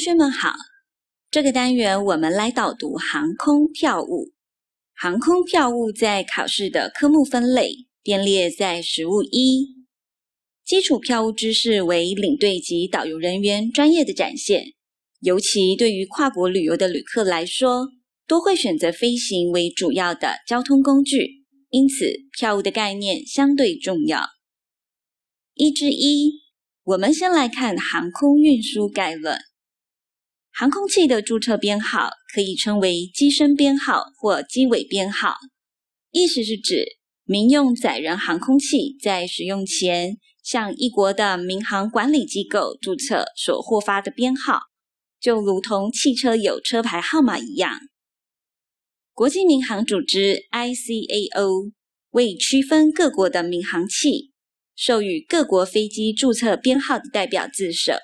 同學們好，這個單元我們來導讀航空票務。航空票務在考試的科目分類編列在實務一，基礎票務知識為領隊及導遊人員專業的展現。尤其對於跨國旅遊的旅客來說，都會選擇飛行為主要的交通工具，因此票務的概念相對重要。一之一，我們先來看航空運輸概論。航空器的註冊編號可以稱為機身編號或機尾編號，意思是指民用載人航空器在使用前向一國的民航管理機構註冊所獲發的編號，就如同汽車有車牌號碼一樣。國際民航組織 （ICAO） 為區分各國的民航器，授予各國飛機註冊編號的代表字首，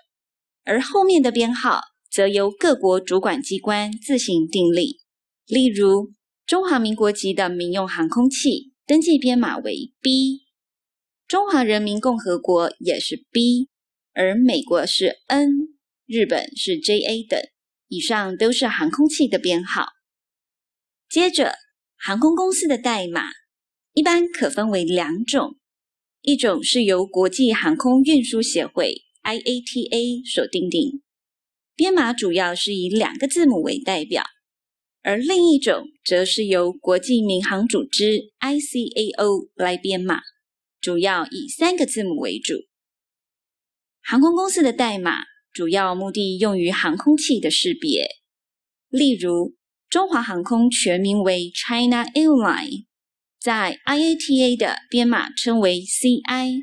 而後面的編號。則由各國主管機關自行訂立。例如，中華民國籍的民用航空器登記編碼為 B，中華人民共和國也是 B，而美國是 N，日本是 JA 等。以上都是航空器的編號。接着，航空公司的代碼一般可分為兩種，一種是由國際航空運輸協會 IATA 所訂定。編碼主要是以兩個字母為代表，而另一種則是由國際民航組織 （ICAO） 來編碼，主要以三個字母為主。航空公司的代碼主要目的用於航空器的識別。例如，中華航空全名為 China Airline，在 IATA 的編碼稱為 CI，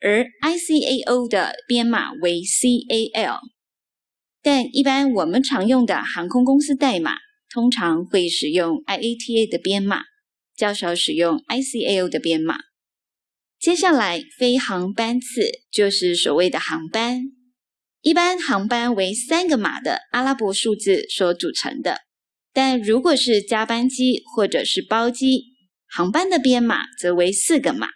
而 ICAO 的編碼為 CAL。但一般我們常用的航空公司代碼通常會使用 IATA 的編碼，較少使用 ICAO 的編碼。接下來，飛航班次就是所謂的航班。一般航班為三個碼的阿拉伯數字所組成的，但如果是加班機或者是包機，航班的編碼則為四個碼。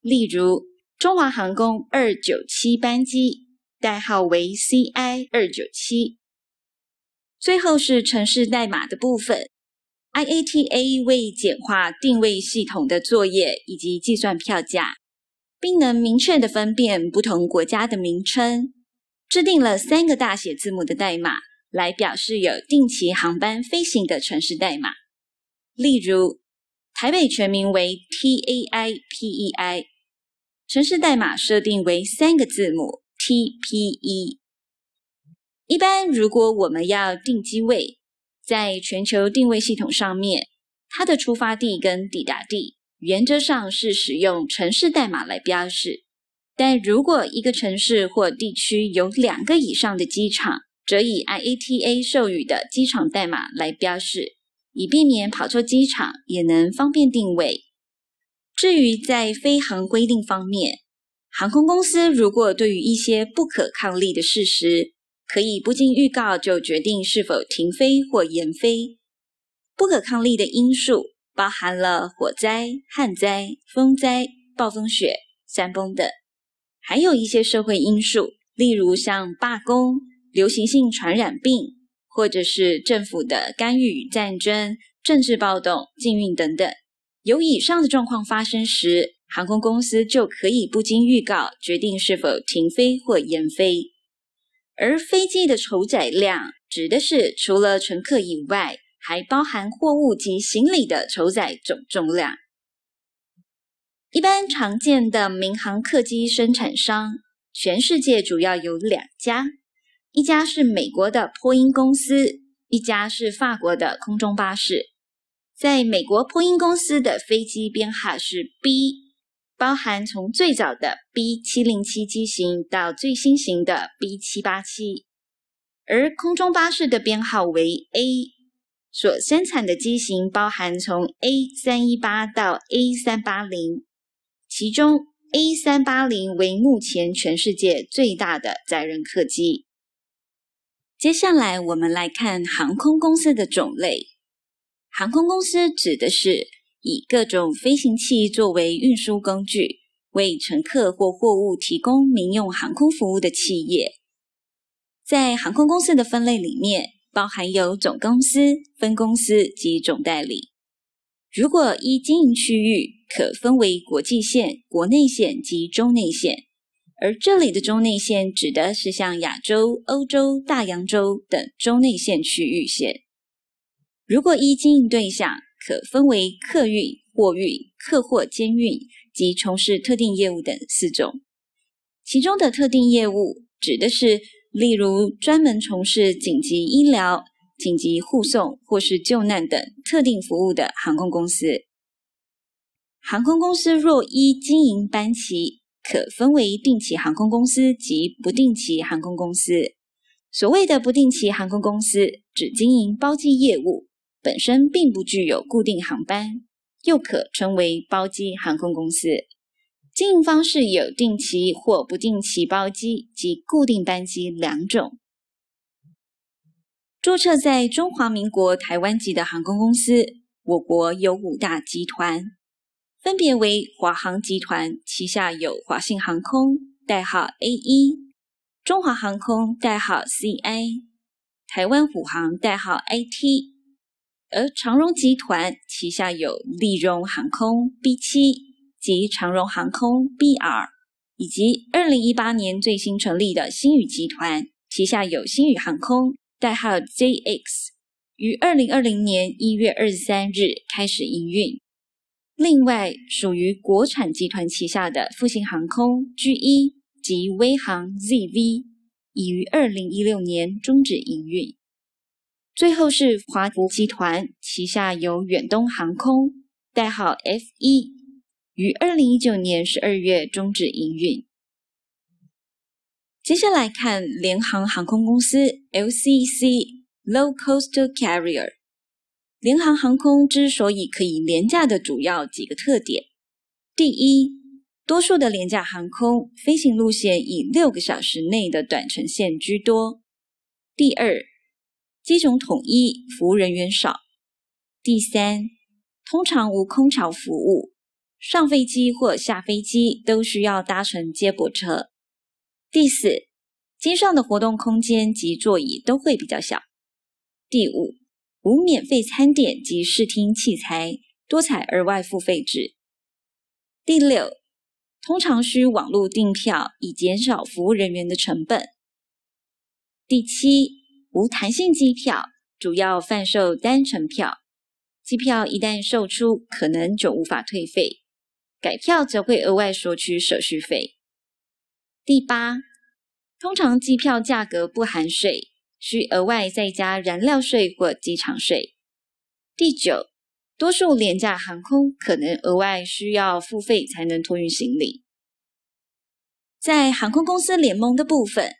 例如，中華航空二九七班機。代號為 CI 二九七。最後是城市代碼的部分。IATA 為簡化定位系統的作業以及計算票價，並能明確的分辨不同國家的名稱，制定了三個大寫字母的代碼來表示有定期航班飛行的城市代碼。例如，台北全名為 TAIPEI，城市代碼設定為三個字母。TPE。一般，如果我們要訂機位，在全球訂位系統上面，它的出發地跟抵達地原則上是使用城市代碼來標示。但如果一個城市或地區有兩個以上的機場，則以 IATA 授予的機場代碼來標示，以避免跑錯機場，也能方便訂位。至於在飛航規定方面，航空公司如果對於一些不可抗力的事實，可以不經預告就決定是否停飛或延飛。不可抗力的因素包含了火災、旱災、風災、暴風雪、山崩等，還有一些社會因素，例如像罷工、流行性傳染病，或者是政府的干預、戰爭、政治暴動、禁運等等。有以上的狀況發生時，航空公司就可以不經預告決定是否停飛或延飛，而飛機的酬載量指的是除了乘客以外，還包含貨物及行李的酬載總重量。一般常見的民航客機生產商，全世界主要有兩家，一家是美國的波音公司，一家是法國的空中巴士。在美國，波音公司的飛機編號是 B。包含從最早的 B 七零七機型到最新型的 B 七八七，而空中巴士的編號為 A，所生產的機型包含從 A 三一八到 A 三八零，其中 A 三八零為目前全世界最大的載人客機。接下來我們來看航空公司的種類，航空公司指的是。以各種飛行器作為運輸工具，為乘客或貨物提供民用航空服務的企業，在航空公司的分類裡面，包含有總公司、分公司及總代理。如果依經營區域，可分為國際線、國內線及洲內線。而這裡的洲內線指的是像亞洲、歐洲、大洋洲等洲內線區域線。如果依經營對象，可分為客運、貨運、客貨兼運及從事特定業務等四種。其中的特定業務指的是，例如專門從事緊急醫療、緊急護送或是救難等特定服務的航空公司。航空公司若依經營班期，可分為定期航空公司及不定期航空公司。所謂的不定期航空公司，只經營包機業務。本身並不具有固定航班，又可稱為包機航空公司。經營方式有定期或不定期包機及固定班機兩種。注冊在中華民國台灣籍的航空公司，我國有五大集團，分別為華航集團，旗下有華信航空（代號 AE）、中華航空（代號 CI）、台灣虎航（代號 IT）。而長榮集團旗下有立榮航空 B7 及長榮航空 BR，以及二零一八年最新成立的星宇集團，旗下有星宇航空代號 JX 於二零二零年一月二十三日開始營運。另外，屬於國產集團旗下的復興航空 G1 及威航 ZV，已於二零一六年終止營運。最後是華福集團旗下由遠東航空代號 FE，於二零一九年十二月終止營運。接下來看聯航航空公司 LCC（Low Cost Carrier）。聯航航空之所以可以廉價的主要幾個特點：第一，多數的廉價航空飛行路線以六個小時內的短程線居多；第二，機種統一，服務人員少。第三，通常無空橋服務，上飛機或下飛機都需要搭乘接駁車。第四，機上的活動空間及座椅都會比較小。第五，無免費餐點及視聽器材，多採額外付費制。第六，通常需網絡訂票，以減少服務人員的成本。第七，無彈性機票主要販售單程票，機票一旦售出，可能就無法退費，改票則會額外收取手續費。第八，通常機票價格不含稅，需額外再加燃料稅或機場稅。第九，多數廉價航空可能額外需要付費才能托運行李。在航空公司聯盟的部分，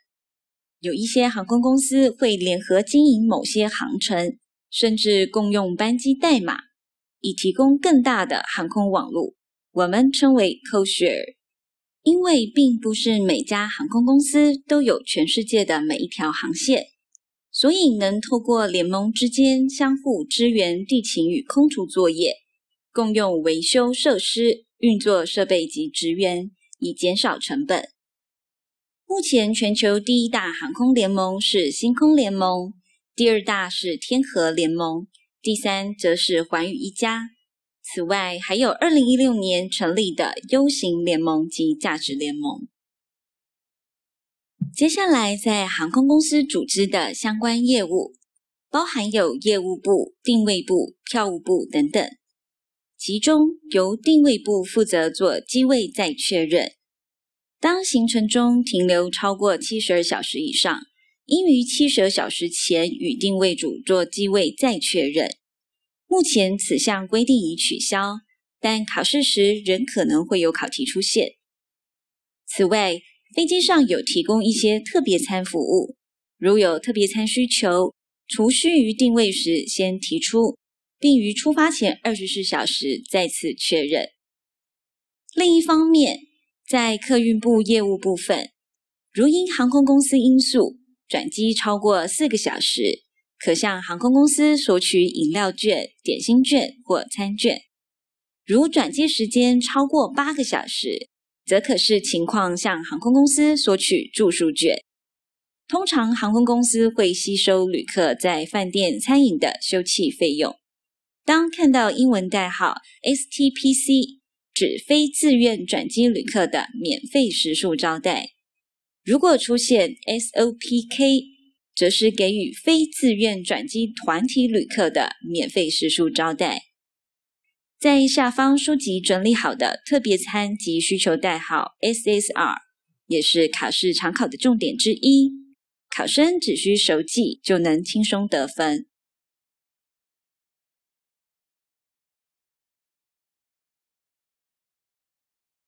有一些航空公司會聯合經營某些航程，甚至共用班機代碼，以提供更大的航空網絡。我們稱為 code share，因為並不是每家航空公司都有全世界的每一條航線，所以能透過聯盟之間相互支援地勤與空廚作業，共用維修設施、運作設備及職員，以減少成本。目前全球第一大航空聯盟是星空聯盟，第二大是天合聯盟，第三則是寰宇一家。此外，還有2016年成立的 U 型聯盟及價值聯盟。接下來，在航空公司組織的相關業務，包含有業務部、訂位部、票務部等等，其中由訂位部負責做機位再確認。當行程中停留超過七十二小時以上，應於七十二小時前與定位組做機位再確認。目前此項規定已取消，但考試時仍可能會有考題出現。此外，飛機上有提供一些特別餐服務，如有特別餐需求，除需於定位時先提出，並於出發前二十四小時再次確認。另一方面，在客運部業務部分，如因航空公司因素轉機超過四個小時，可向航空公司索取飲料券、點心券或餐券；如轉機時間超過八個小時，則可視情況向航空公司索取住宿券。通常航空公司會吸收旅客在飯店餐飲的休憩費用。當看到英文代號 STPC。指非自願轉機旅客的免費食宿招待。如果出現 SOPK，則是給予非自願轉機團體旅客的免費食宿招待。在下方書籍整理好的特別餐及需求代號 SSR，也是考試常考的重點之一，考生只需熟記就能輕鬆得分。